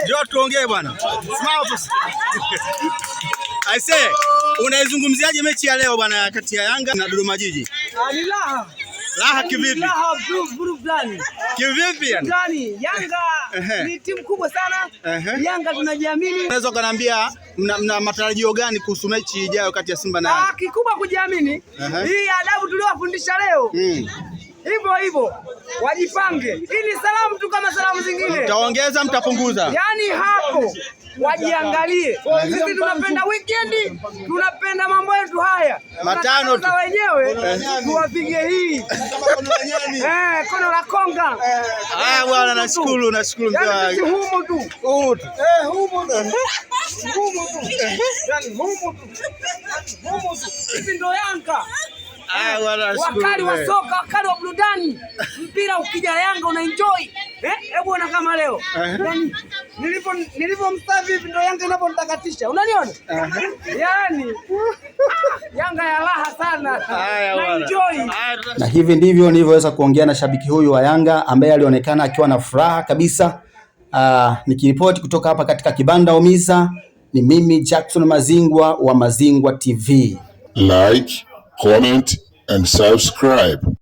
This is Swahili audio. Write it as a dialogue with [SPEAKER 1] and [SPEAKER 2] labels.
[SPEAKER 1] Njoo tuongee bwana. I say, unaizungumziaje mechi ya leo bwana kati ya Yanga na Dodoma Jiji?
[SPEAKER 2] Ah, ni raha.
[SPEAKER 1] Raha kivipi?
[SPEAKER 2] Raha buru fulani.
[SPEAKER 1] Kivipi yani?
[SPEAKER 2] Fulani. Yanga ni timu kubwa sana. Yanga tunajiamini.
[SPEAKER 1] Unaweza kuniambia mna, mna matarajio gani kuhusu mechi ijayo kati ya Simba na
[SPEAKER 2] Yanga? Ah, kikubwa kujiamini. Hii adabu tuliowafundisha leo. Mm hivyo hivyo wajipange. ili salamu tu kama salamu zingine,
[SPEAKER 1] mtaongeza mtapunguza,
[SPEAKER 2] yaani hapo wajiangalie. Sisi tunapenda weekend, tunapenda mambo yetu haya
[SPEAKER 1] matano tu
[SPEAKER 2] wenyewe, tuwapige hii eh, kono la konga. Eh,
[SPEAKER 1] ah bwana, nashukuru nashukuru mzee
[SPEAKER 2] yaani humo tu humo tu eh, tu humo tu, yani humo tu yaani humo tu, yaani ndio Yanga Ah, eh, wakali wa soka, wakali wa burudani mpira ukija Yanga una enjoy eh, hebu ona kama leo yani, nilipo nilipo mstari hivi ndio Yanga inapomtakatisha, unaniona yani ah, Yanga ya raha sana na enjoy.
[SPEAKER 1] Na hivi ndivyo nilivyoweza kuongea na shabiki huyu wa Yanga ambaye alionekana akiwa na furaha kabisa. Uh, nikiripoti kutoka hapa katika kibanda Omisa, ni mimi Jackson Mazingwa wa Mazingwa TV. Like, comment, and subscribe